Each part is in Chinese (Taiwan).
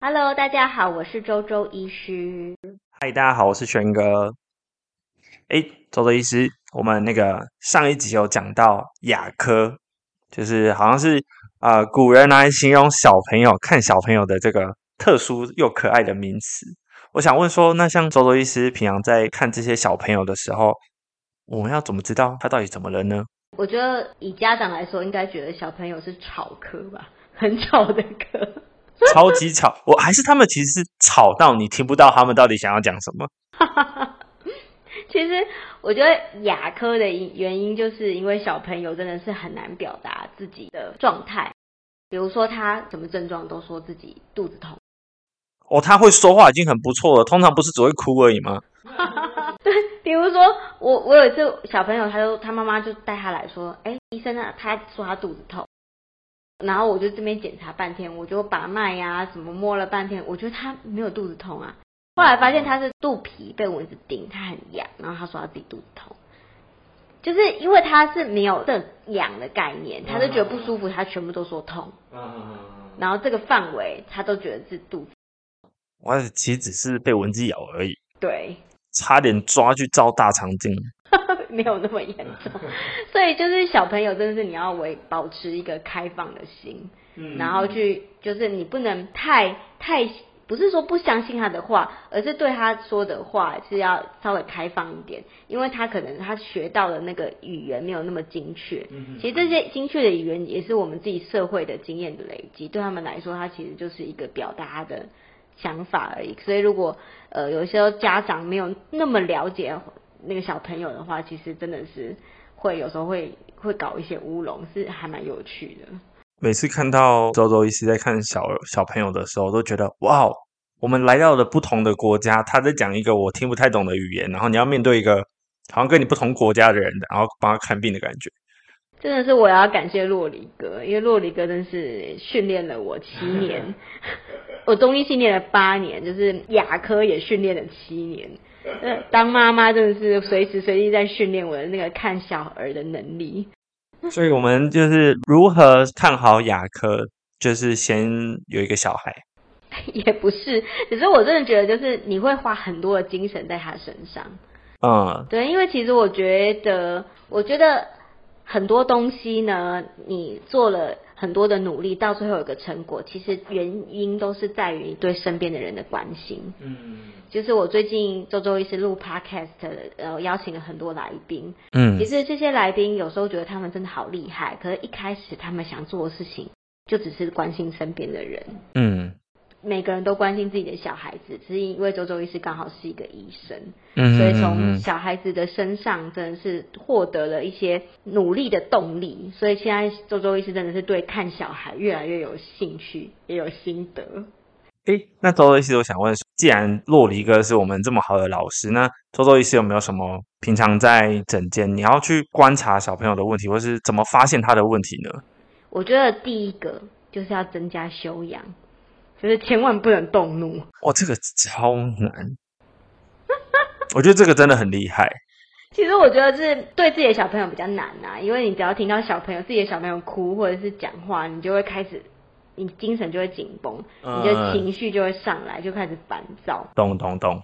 Hello，大家好，我是周周醫師。Hi，大家好，我是玄哥。哎、欸，周周醫師，我們那個上一集有講到啞科，就是好像是啊、呃，古人來形容小朋友看小朋友的這個特殊又可愛的名詞。我想問說，那像周周醫師平常在看這些小朋友的時候。我們要怎麼知道他到底怎麼了呢？我覺得以家長來說，應該覺得小朋友是吵科吧，很吵的科。 超級吵。我還是他們其實是吵到你聽不到他們到底想要講什麼。 其實我覺得啞科的原原因，就是因為小朋友真的是很難表達自己的狀態，比如說他什麼症狀都說自己肚子痛。哦，他會說話已經很不錯了，通常不是只會哭而已嗎？比如說我，我我有一次小朋友他，就他媽媽就帶他來說，哎、欸，醫生啊，他說他肚子痛，然後我就這邊檢查半天，我就把脈呀、啊，什麼摸了半天，我覺得他沒有肚子痛啊。後來發現他是肚皮被蚊子叮，他很癢，然後他說他自己肚子痛，就是因為他是沒有這癢的概念，他就覺得不舒服，他全部都說痛，然後這個範圍他都覺得是肚子痛。我其實只是被蚊子咬而已。對。差點抓去照大腸鏡，沒有那麼嚴重， 所以就是小朋友真的是你要維保持一個開放的心，嗯、哼然後去就是你不能太太不是說不相信他的話，而是對他說的話是要稍微開放一點，因為他可能他學到的那個語言沒有那麼精確，嗯、哼其實這些精確的語言也是我們自己社會的經驗的累積，對他們來說，他其實就是一個表達的。想法而已，所以如果呃，有些家長沒有那麼了解那個小朋友的話，其實真的是會有時候會會搞一些烏龍，是還蠻有趣的。每次看到周周醫師在看小小朋友的時候，都覺得哇，我們來到了不同的國家，他在講一個我聽不太懂的語言，然後你要面對一個好像跟你不同國家的人，然後幫他看病的感覺。真的是我要感謝洛里哥，因為洛里哥真是訓練了我七年，我中醫訓練了八年，就是啞科也訓練了七年。當媽媽真的是隨時隨地在訓練我的那個看小兒的能力。所以我們就是如何看好啞科，就是先有一個小孩，也不是，只是我真的覺得就是你會花很多的精神在他身上。嗯，對，因為其實我覺得，我覺得。很多東西呢，你做了很多的努力，到最後有一個成果，其實原因都是在於你對身邊的人的關心。嗯，就是我最近周周一是錄 Podcast、呃、邀請了很多來賓。嗯，其實這些來賓有時候覺得他們真的好厲害，可是一開始他們想做的事情，就只是關心身邊的人。嗯。每個人都關心自己的小孩子，只是因為周周醫師剛好是一個醫生，嗯嗯嗯，所以從小孩子的身上真的是獲得了一些努力的動力。所以現在周周醫師真的是對看小孩越來越有興趣，也有心得。欸，那周周醫師，我想問，既然洛黎哥是我們這麼好的老師，那周周醫師有沒有什麼平常在診間你要去觀察小朋友的問題，或是怎麼發現他的問題呢？我覺得第一個就是要增加修養。就是千萬不能動怒，我、哦、這個超難。 我覺得這個真的很厲害。其實我覺得是對自己的小朋友比較難啊，因為你只要聽到小朋友自己的小朋友哭或者是講話，你就會開始，你精神就會緊繃，嗯、你的情緒就會上來，就開始煩躁。咚咚咚！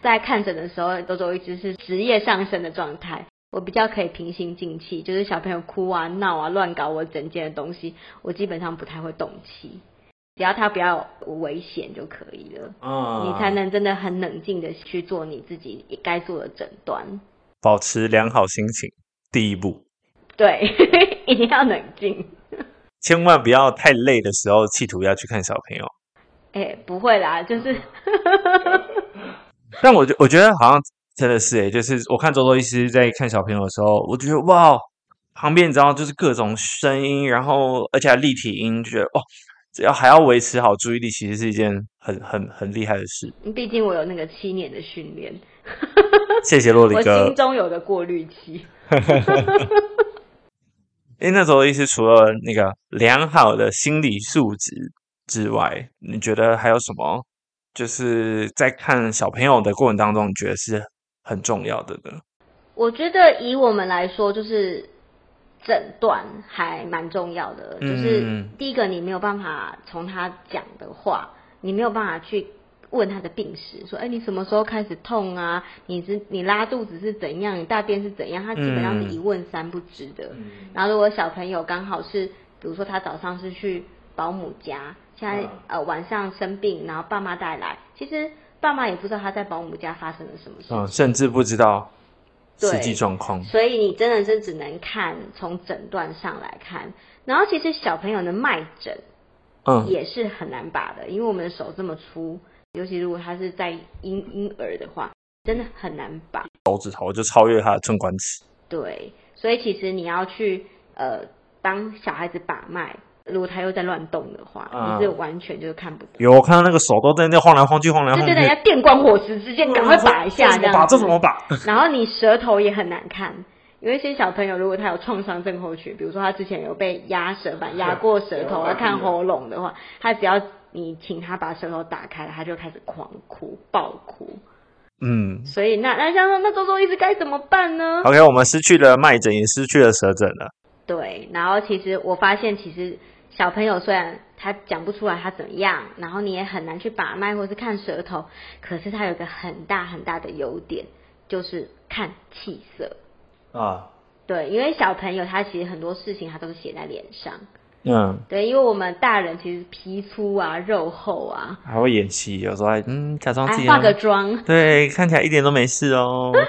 在看診的時候，都多一直是職業上升的狀態，我比較可以平心靜氣，就是小朋友哭啊、鬧啊、亂搞我整件的東西，我基本上不太會動氣。只要他不要危險就可以了，嗯、你才能真的很冷靜的去做你自己該做的診斷，保持良好心情，第一步，對呵呵，一定要冷靜，千萬不要太累的時候企圖要去看小朋友，哎、欸，不會啦，就是、嗯， 但我覺我覺得好像真的是哎，就是我看周周醫師在看小朋友的時候，我就覺得哇，旁邊你知道就是各種聲音，然後而且還立體音，就覺得哦。只要還要維持好注意力，其實是一件很很很厲害的事。畢竟我有那個七年的訓練， 謝謝洛里哥，我心中有個過濾器。哎 那洛里是除了那個良好的心理素質之外，你覺得還有什麼？就是在看小朋友的過程當中，你覺得是很重要的呢？我覺得以我們來說，就是。診斷還蠻重要的，就是第一個你沒有辦法從他講的話，你沒有辦法去問他的病史，說，哎，你什麼時候開始痛啊？你是你拉肚子是怎樣？你大便是怎樣？他基本上是一問三不知的。嗯、然後如果小朋友剛好是，比如說他早上是去保姆家，現在、啊、呃晚上生病，然後爸媽帶來，其實爸媽也不知道他在保姆家發生了什麼事，嗯、哦，甚至不知道。對，所以你真的是只能看，從診斷上來看，然後其實小朋友的脈診，嗯，也是很難把的，嗯、因為我們的手這麼粗，尤其如果他是在嬰嬰兒的話，真的很難把。手指頭就超越他的寸關尺。對，所以其實你要去呃幫小孩子把脈。如果他又在亂動的話，啊、你是完全就是看不到。有我看到那個手都在那晃來晃去，晃來晃去，晃來晃去。對對對，電光火石之間，趕快把一下這樣。打這怎麼打？ 然後你舌頭也很難看，有一些小朋友如果他有創傷症候群，比如說他之前有被壓舌板壓過舌頭啊、對要看喉嚨的話，他只要你請他把舌頭打開，他就開始狂哭、暴哭。嗯，所以那那像說那周周醫師該怎麼辦呢？OK，我們失去了脈診，也失去了舌診了。對，然後其實我發現其實。小朋友雖然他講不出來他怎麼樣，然後你也很難去把脈或是看舌頭，可是他有個很大很大的優點，就是看氣色啊。對，因為小朋友他其實很多事情他都寫在臉上。嗯。對，因為我們大人其實皮粗啊，肉厚啊。還會演戲，有時候還嗯假裝自己化個妝。對，看起來一點都沒事哦、喔。啊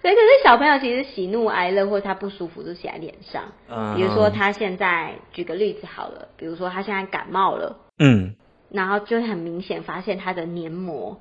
所以，可是小朋友其實喜怒哀樂或者他不舒服就寫在臉上。嗯。比如說他現在，舉個例子好了，比如說他現在感冒了。嗯。然後就很明顯發現他的黏膜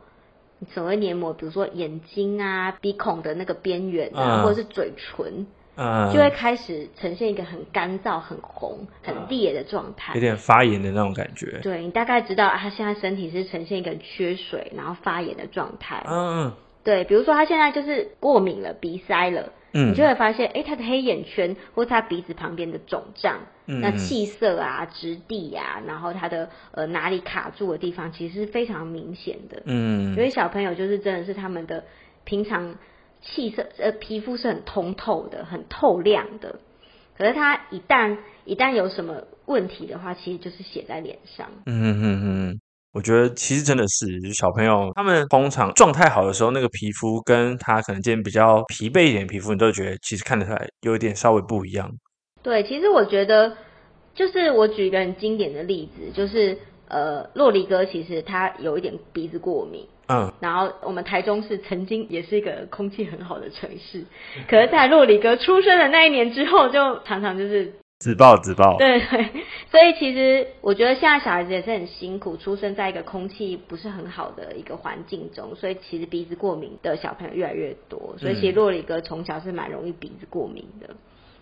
所謂黏膜，比如說眼睛啊、鼻孔的那個邊緣啊，或者、嗯、是嘴唇，嗯，就會開始呈現一個很乾燥、很紅、很裂的狀態，嗯，有點發炎的那種感覺。對，你大概知道，他現在身體是呈現一個缺水，然後發炎的狀態。嗯嗯。對，比如說他現在就是過敏了，鼻塞了，你就會發現，嗯、誒他的黑眼圈或是他鼻子旁邊的腫脹，嗯、那氣色啊、質地啊，然後他的呃哪裡卡住的地方，其實是非常明顯的。嗯，因為小朋友就是真的是他們的平常氣色，呃，皮膚是很通透的、很透亮的，可是他一旦一旦有什麼問題的話，其實就是寫在臉上。嗯哼哼哼。嗯嗯。我覺得其實真的是，就小朋友他們通常狀態好的時候，那個皮膚跟他可能今天比較疲憊一點，皮膚你都會覺得其實看得出來有一點稍微不一樣。對，其實我覺得就是我舉一個很經典的例子，就是呃，洛里哥其實他有一點鼻子過敏，嗯，然後我們台中市曾經也是一個空氣很好的城市，可是，在洛里哥出生的那一年之後，就常常就是。自爆自爆，對，對，對，所以其實我覺得現在小孩子也是很辛苦，出生在一個空氣不是很好的一個環境中，所以其實鼻子過敏的小朋友越來越多。所以其實洛里哥從小是蠻容易鼻子過敏的。嗯、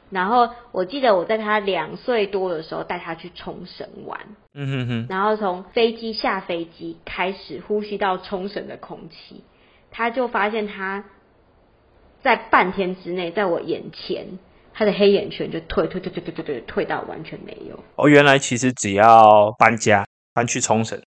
然後我記得我在他兩歲多的時候帶他去沖繩玩，嗯哼哼，然後從飛機下飛機開始呼吸到沖繩的空氣，他就發現他在半天之內在我眼前。他的黑眼圈就退退退退退退退退到完全沒有哦，原來其實只要搬家搬去沖繩，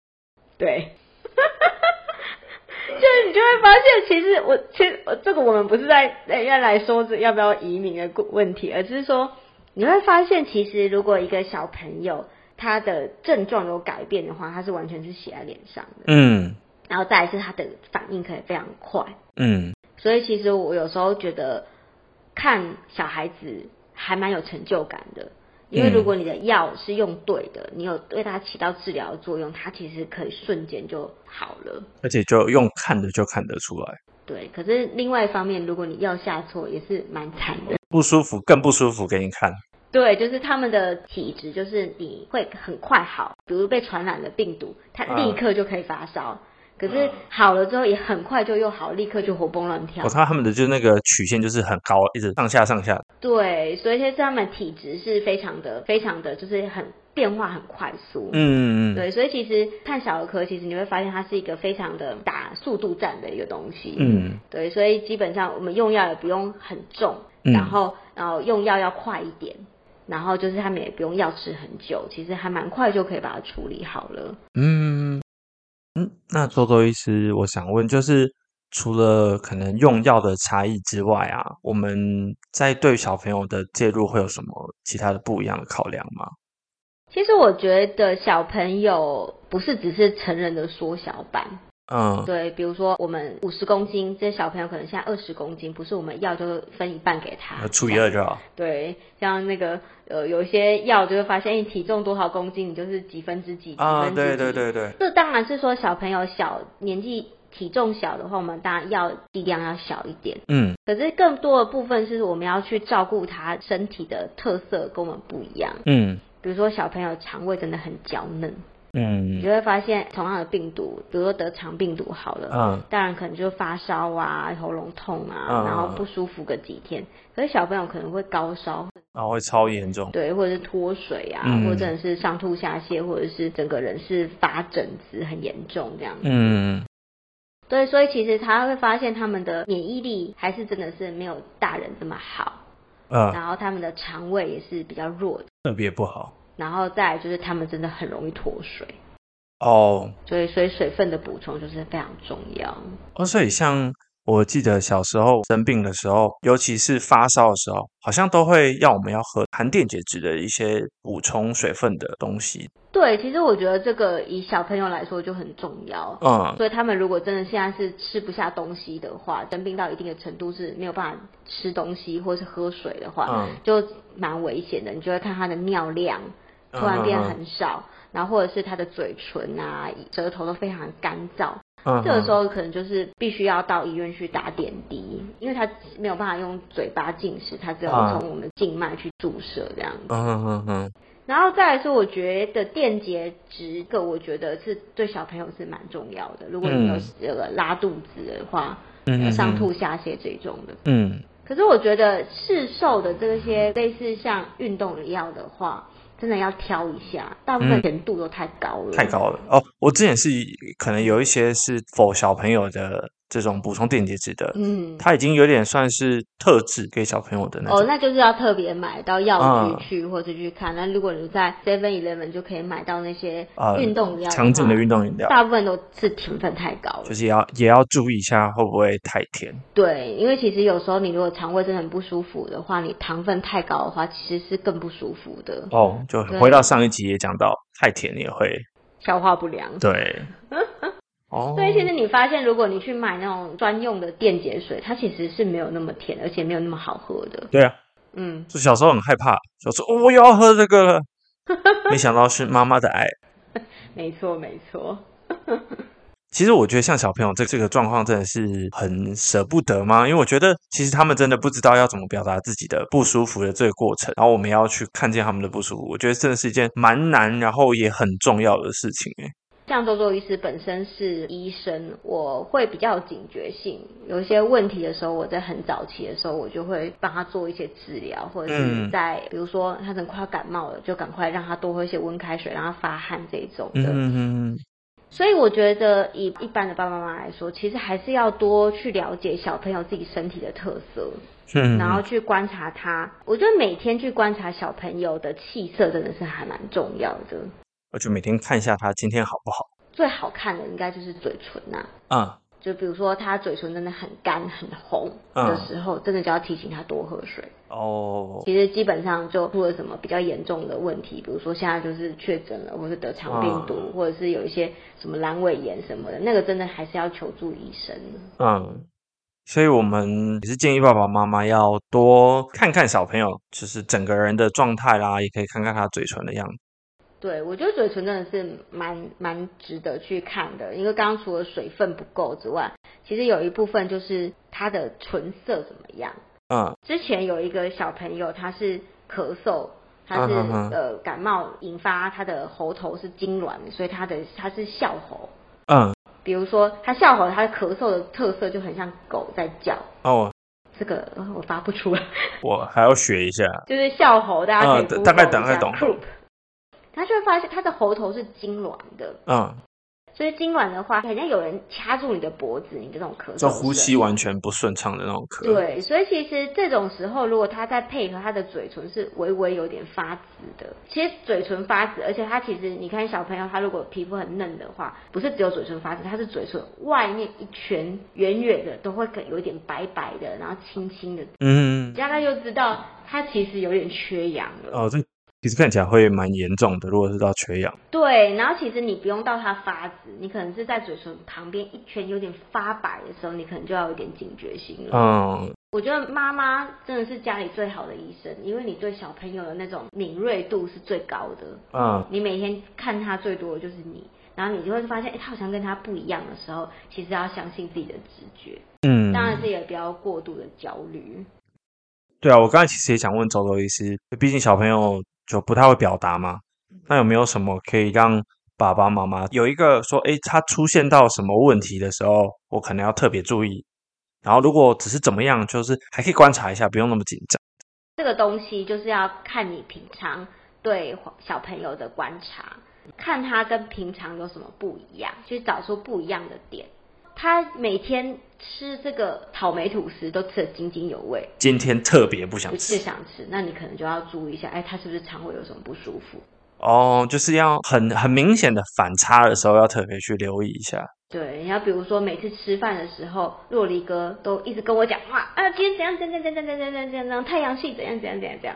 對， 就是你就會發現，其實我其實這個我們不是在在來說這要不要移民的問題，而是說你會發現，其實如果一個小朋友他的症狀有改變的話，他是完全是寫在臉上的，嗯，然後再來是他的反應可以非常快，嗯，所以其實我有時候覺得。看小孩子還蠻有成就感的，因為如果你的藥是用對的，嗯、你有對它起到治療作用，它其實可以瞬間就好了，而且就用看的就看得出來。對，可是另外一方面，如果你藥下錯，也是蠻慘的，不舒服更不舒服。給你看，對，就是他們的體質，就是你會很快好，比如被傳染了病毒，它立刻就可以發燒。啊可是好了之後也很快就又好，立刻就活蹦亂跳。我看、哦、他，他們的就是那個曲線就是很高，一直上下上下。對，所以現在他們體質是非常的、非常的就是很變化很快速。嗯嗯嗯。對，所以其實看小兒科，其實你會發現它是一個非常的打速度戰的一個東西。嗯。對，所以基本上我們用藥也不用很重，嗯、然後然後用藥要快一點，然後就是他們也不用藥吃很久，其實還蠻快就可以把它處理好了。嗯。嗯，那周周醫師，我想問，就是除了可能用藥的差異之外啊，我們在對小朋友的介入會有什麼其他的不一樣的考量嗎？其實我覺得小朋友不是只是成人的縮小版。嗯，oh, 對，比如說我們五十公斤，這些小朋友可能現在二十公斤，不是我們藥就分一半給他除以二就好。對，像那個呃，有一些藥就會發現，你體重多少公斤，你就是幾分之幾，oh, 幾分之幾。啊，對對對對。這當然是說小朋友小年紀體重小的話，我們當然藥劑量要小一點。嗯。可是更多的部分是我們要去照顧他身體的特色跟我們不一樣。嗯。比如說小朋友腸胃真的很嬌嫩。嗯，你就會發現同樣的病毒，比如說得腸病毒好了，啊，大人可能就發燒啊、喉嚨痛啊，啊然後不舒服個幾天。可是小朋友可能會高燒，然後、啊、會超嚴重。對，或者是脫水啊，嗯、或者是上吐下瀉，或者是整個人是發疹子很嚴重這樣。嗯，對，所以其實他會發現他們的免疫力還是真的是沒有大人這麼好。啊，然後他們的腸胃也是比較弱的，特別不好。然後再來就是，他們真的很容易脫水哦，oh. 所以所以水分的補充就是非常重要哦。Oh, 所以像我記得小時候生病的時候，尤其是發燒的時候，好像都會要我們要喝含電解質的一些補充水分的東西。對，其實我覺得這個以小朋友來說就很重要，嗯，uh. 所以他們如果真的現在是吃不下東西的話，生病到一定的程度是沒有辦法吃東西或是喝水的話，嗯，uh. 就蠻危險的。你就會看他的尿量。突然變很少，uh huh. 然後或者是他的嘴唇啊、舌頭都非常乾燥，uh huh. 這個時候可能就是必須要到醫院去打點滴，因為他沒有辦法用嘴巴進食，他只有從我們靜脈去注射這樣子。Uh huh. 然後再來說，我覺得電解質這個，我覺得是對小朋友是蠻重要的。如果你有這個拉肚子的話，uh huh. 上吐下瀉這種的，嗯、uh。Huh. 可是我覺得市售的這些類似像運動的藥的話，真的要挑一下，大部分甜度都太高了，嗯，太高了哦！我之前是可能有一些是 for 小朋友的。這種補充電解質的，嗯，它已經有點算是特製給小朋友的那種哦，那就是要特別買到藥局去或者去看。嗯、那如果你在 Seven Eleven 就可以買到那些啊運動藥、常見、呃、的運動飲料，大部分都是糖分太高，就是也要也要注意一下會不會太甜。對，因為其實有時候你如果腸胃真的很不舒服的話，你糖分太高的話，其實是更不舒服的。哦，就回到上一集也講到，太甜也會消化不良。對。對 所以現在你發現，如果你去買那種專用的電解水，它其實是沒有那麼甜，而且沒有那麼好喝的。對啊，嗯，就小時候很害怕，小時候、哦、我又要喝這個了， 沒想到是媽媽的愛。沒錯 沒錯，沒錯 其實我覺得像小朋友這個、這個狀況真的是很捨不得嗎？因為我覺得其實他們真的不知道要怎麼表達自己的不舒服的這個過程，然後我們要去看見他們的不舒服，我覺得真的是一件蠻難，然後也很重要的事情像周周醫師本身是醫生，我會比較有警覺性，有一些問題的時候，我在很早期的時候，我就會幫他做一些治療，或者是在、嗯、比如說他可能快要感冒了，就趕快讓他多喝一些溫開水，讓他發汗這一種的。嗯嗯嗯。所以我覺得以一般的爸爸媽媽來說，其實還是要多去了解小朋友自己身體的特色，嗯、然後去觀察他。我覺得每天去觀察小朋友的氣色，真的是還蠻重要的。我就每天看一下他今天好不好。最好看的應該就是嘴唇吶、啊。嗯。就比如說他嘴唇真的很乾很紅的時候，嗯、真的就要提醒他多喝水。哦。其實基本上就出了什麼比較嚴重的問題，比如說現在就是確診了，或者是得腸病毒，嗯、或者是有一些什麼闌尾炎什麼的，那個真的還是要求助醫生。嗯。所以我們也是建議爸爸媽媽要多看看小朋友，就是整個人的狀態啦，也可以看看他嘴唇的樣子。對，我覺得嘴唇真的是蠻蠻值得去看的，因為剛剛除了水分不夠之外，其實有一部分就是它的唇色怎麼樣。嗯。之前有一個小朋友，他是咳嗽，他是、嗯、呃感冒引發他的喉頭是痙攣，所以他的他是哮吼。嗯。比如說他哮吼，他的咳嗽的特色就很像狗在叫。哦。這個我發不出來。我還要學一下。就是哮吼，大家、嗯、一大概大概懂。他就會發現他的喉頭是痙攣的，嗯，所以痙攣的話，肯定有人掐住你的脖子，你的這種咳嗽，就呼吸完全不順暢的那種咳。對，所以其實這種時候，如果他再配合，他的嘴唇是微微有點發紫的。其實嘴唇發紫，而且他其實你看小朋友，他如果皮膚很嫩的話，不是只有嘴唇發紫，他是嘴唇外面一圈遠遠的都會有點白白的，然後青青的。嗯，大概就知道他其實有點缺氧了。哦，這。其實看起來會蠻嚴重的，如果是到缺氧，對，然後其實你不用到他發紫，你可能是在嘴唇旁邊一圈有點發白的時候，你可能就要有點警覺性了。嗯，我覺得媽媽真的是家裡最好的醫生，因為你對小朋友的那種敏銳度是最高的。嗯，你每天看他最多的就是你，然後你就會發現，哎，他好像跟他不一樣的時候，其實要相信自己的直覺。嗯，當然是也不要過度的焦慮。對啊，我剛才其實也想問周周醫師，畢竟小朋友。就不太會表達嘛？那有沒有什麼可以讓爸爸媽媽有一個說，欸，他出現到什麼問題的時候，我可能要特別注意。然後如果只是怎麼樣，就是還可以觀察一下，不用那麼緊張。這個東西就是要看你平常對小朋友的觀察，看他跟平常有什麼不一樣，去找出不一樣的點。他每天吃這個草莓吐司都吃得津津有味，今天特別不想吃，不想吃，那你可能就要注意一下，哎，他是不是腸胃有什麼不舒服？哦，oh, 就是要很很明顯的反差的時候，要特別去留意一下。對，你要比如說每次吃飯的時候，若離哥都一直跟我講話，啊，今天怎樣怎樣怎樣怎樣怎樣怎樣怎樣，太陽系怎，怎樣怎樣怎樣怎樣，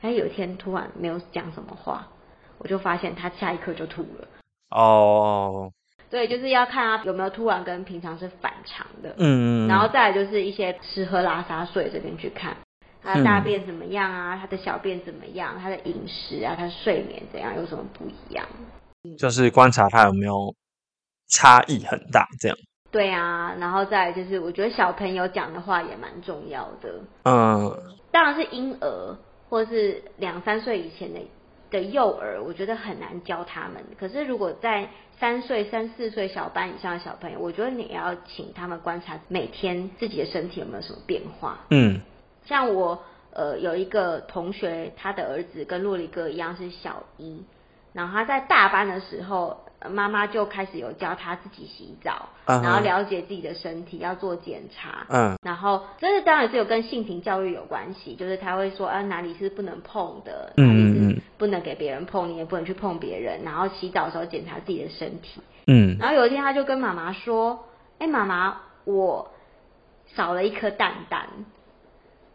哎，有一天突然沒有講什麼話，我就發現他下一刻就吐了。哦。Oh. 對，就是要看他有沒有突然跟平常是反常的，嗯，然後再來就是一些吃喝拉撒睡這邊去看，他的大便怎麼樣啊，嗯，他的小便怎麼樣，他的飲食啊，他睡眠怎樣，有什麼不一樣？就是觀察他有沒有差異很大這樣。對啊，然後再來就是我覺得小朋友講的話也蠻重要的，嗯，當然是嬰兒或是兩三歲以前的的幼兒，我覺得很難教他們。可是如果在三歲、三四歲小班以上的小朋友，我覺得你也要請他們觀察每天自己的身體有沒有什麼變化。嗯，像我，呃，有一個同學，他的兒子跟洛里哥一樣是小一，然後他在大班的時候。媽媽就開始有教他自己洗澡，uh huh. 然後了解自己的身體要做檢查。嗯、uh，huh. 然後這當然是有跟性平教育有關係，就是他會說啊哪裡是不能碰的，哪裡是不能給別人碰，你也不能去碰別人。然後洗澡的時候檢查自己的身體。嗯、uh，huh. 然後有一天他就跟媽媽說：“哎、欸，媽媽，我少了一顆蛋蛋。”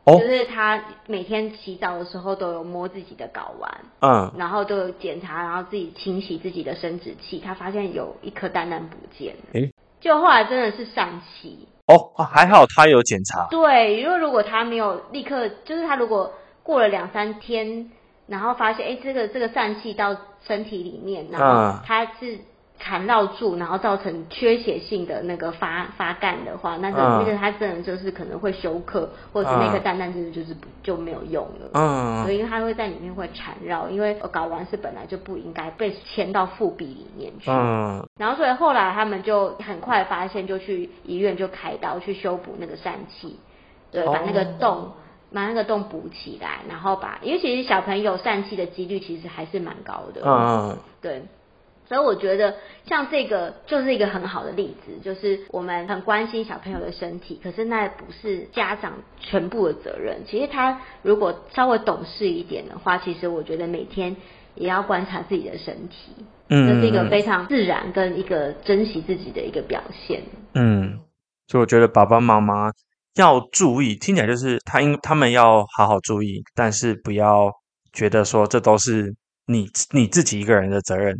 就是他每天洗澡的時候都有摸自己的睾丸，嗯，然後都有檢查，然後自己清洗自己的生殖器。他發現有一顆蛋蛋不見了，誒、欸，就後來真的是疝氣哦，還好他有檢查。對，因為如果他沒有立刻，就是他如果過了兩三天，然後發現誒這個這個疝氣到身體裡面，然後他是。嗯纏繞住，然後造成缺血性的那個發發乾的話，那就意味着他真的就是可能會休克，或者是那個蛋蛋就是、嗯、就是就沒有用了。嗯，所以它會在裡面會纏繞，因為睾丸是本來就不應該被牽到腹壁裡面去。嗯，然後所以後來他們就很快發現，就去醫院就開刀去修補那個疝氣，對，哦、把那個洞把那個洞補起來，然後把，因為其實小朋友疝氣的幾率其實還是蠻高的。嗯，對。所以我覺得，像這個就是一個很好的例子，就是我們很關心小朋友的身體，可是那不是家長全部的責任。其實他如果稍微懂事一點的話，其實我覺得每天也要觀察自己的身體，嗯，這是一個非常自然跟一個珍惜自己的一個表現，嗯。嗯，所以我覺得爸爸媽媽要注意，聽起來就是他應他們要好好注意，但是不要覺得說這都是你你自己一個人的責任。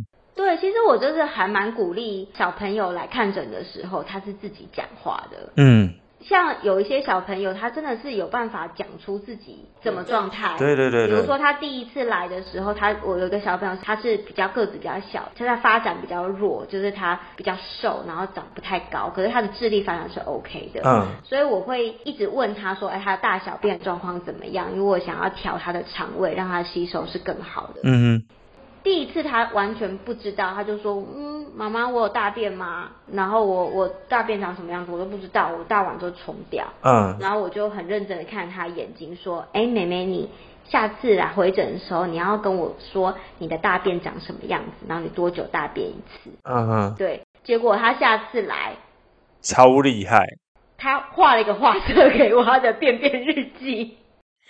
我就是還蠻鼓勵小朋友來看診的時候，他是自己講話的。嗯，像有一些小朋友，他真的是有辦法講出自己怎麼狀態。對對，對對對。比如說他第一次來的時候，他我有一個小朋友，他是比較個子比較小，他在發展比較弱，就是他比較瘦，然後長不太高，可是他的智力發展是 OK 的。嗯。所以我會一直問他說：“哎，他的大小便的狀況怎麼樣？”因為我想要調他的腸胃，讓他吸收是更好的。嗯。第一次他完全不知道，他就說：“嗯，媽媽，我有大便嗎？然後我我大便長什麼樣子我都不知道，我大完就沖掉。”嗯，然後我就很認真地看的看他眼睛說：“哎，妹妹，你下次來回診的時候，你要跟我說你的大便長什麼樣子，然後你多久大便一次？”嗯嗯、啊哈，對。結果他下次來，超厲害，他畫了一個畫冊給我，他的便便日記。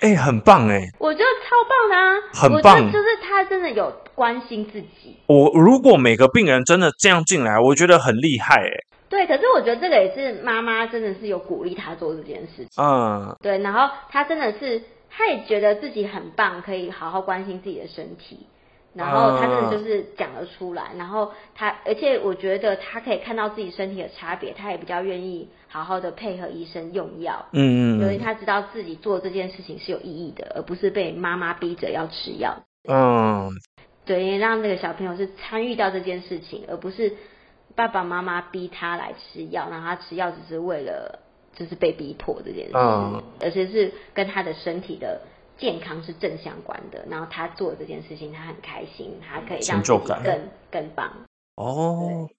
哎、欸，很棒哎，我覺得超棒的啊，很棒，我覺得就是他真的有。關心自己。我、哦、如果每個病人真的這樣進來，我覺得很厲害哎。對，可是我覺得這個也是媽媽真的是有鼓勵他做這件事情。嗯、啊。對，然後他真的是，他也覺得自己很棒，可以好好關心自己的身體。然後他真的就是講得出來，啊、然後他而且我覺得他可以看到自己身體的差別，他也比較願意好好的配合醫生用藥。嗯嗯。因為他知道自己做這件事情是有意義的，而不是被媽媽逼着要吃藥。嗯。啊對，讓那個小朋友是參與到這件事情，而不是爸爸媽媽逼他來吃藥，然後他吃藥只是為了就是被逼迫這件事情，嗯、而且是跟他的身體的健康是正相關的。然後他做這件事情，他很開心，他可以讓更更棒。哦，對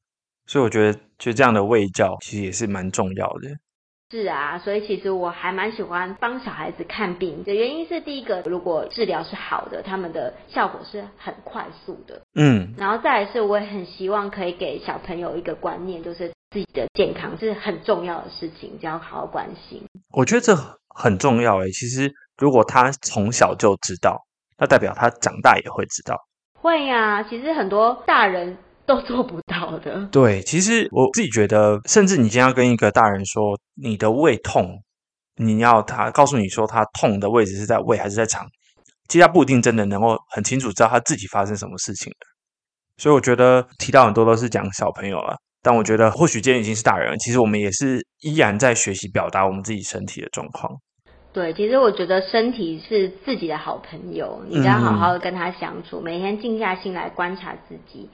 所以我覺得就這樣的衛教其實也是蠻重要的。是啊，所以其實我還蠻喜歡幫小孩子看病的原因是第一個，如果治療是好的，他們的效果是很快速的。嗯，然後再來是，我也很希望可以給小朋友一個觀念，就是自己的健康是很重要的事情，就要好好關心。我覺得這很重要哎、欸。其實如果他從小就知道，那代表他長大也會知道。會呀、啊，其實很多大人。都做不到的。對，其實我自己覺得，甚至你今天要跟一個大人說你的胃痛，你要他告訴你說他痛的位置是在胃還是在腸，其實他不一定真的能夠很清楚知道他自己發生什麼事情的。所以我覺得提到很多都是講小朋友了，但我覺得或許今天已經是大人了，其實我們也是依然在學習表達我們自己身體的狀況。對，其實我覺得身體是自己的好朋友，你要好好跟他相處，嗯、每天靜下心來觀察自己。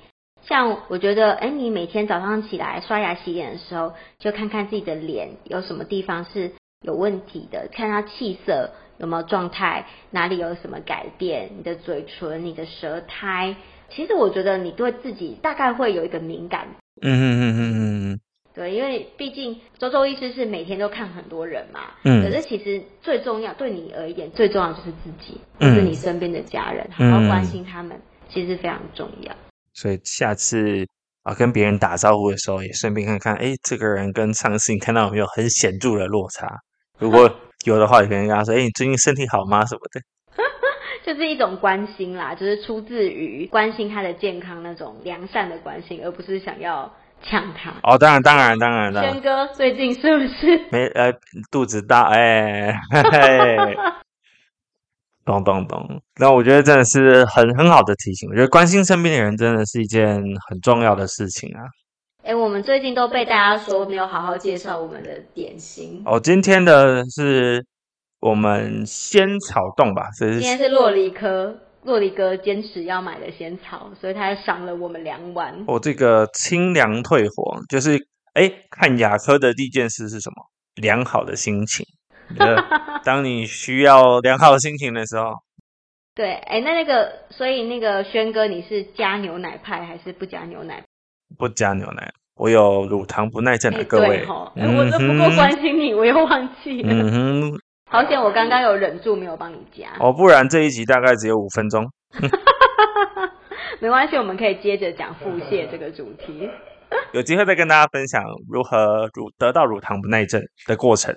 像我覺得，哎，你每天早上起來刷牙洗臉的時候，就看看自己的臉有什麼地方是有問題的，看他氣色有沒有狀態，哪裡有什麼改變，你的嘴唇、你的舌苔，其實我覺得你對自己大概會有一個敏感，感。嗯嗯嗯嗯嗯。對，因為畢竟周周醫師是每天都看很多人嘛。嗯。可是其實最重要，對你而言，最重要就是自己，就是、嗯、你身邊的家人，好好關心他們，嗯、其實非常重要。所以下次啊，跟別人打招呼的時候，也順便看看，哎、欸，這個人跟上次你看到有沒有很顯著的落差？如果有的話，也可以跟他說，哎、欸，你最近身體好嗎？什麼的，就是一種關心啦，就是出自於關心他的健康那種良善的關心，而不是想要嗆他。哦，當然，當然，當然了。軒哥最近是不是沒呃肚子大？哎、欸。欸 咚咚咚！那我覺得真的是很很好的提醒，我覺得關心身邊的人真的是一件很重要的事情啊。哎、欸，我們最近都被大家說沒有好好介紹我們的點心哦。今天的是我們仙草凍吧？這是今天是洛黎科，洛黎哥堅持要買的仙草，所以他賞了我們兩碗。哦，這個清涼退火就是哎、欸，看啞科的第一件事是什麼？良好的心情。 當你需要良好心情的時候，對，哎、欸，那那個，所以那個軒哥，你是加牛奶派還是不加牛奶派？不加牛奶，我有乳糖不耐症的，啊欸、各位、欸，我都不夠關心你，我又忘記了，嗯哼，好險我剛剛有忍住沒有幫你加，哦，不然這一集大概只有五分鐘， 沒關係，我們可以接着講腹瀉這個主題， 有機會再跟大家分享如何乳得到乳糖不耐症的過程。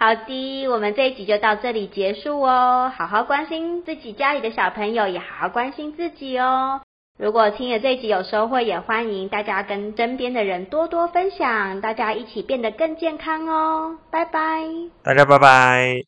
好的，我們這一集就到這裡結束哦。好好關心自己家裡的小朋友，也好好關心自己哦。如果聽了這一集有收穫，也歡迎大家跟身邊的人多多分享，大家一起變得更健康哦。拜拜，大家拜拜。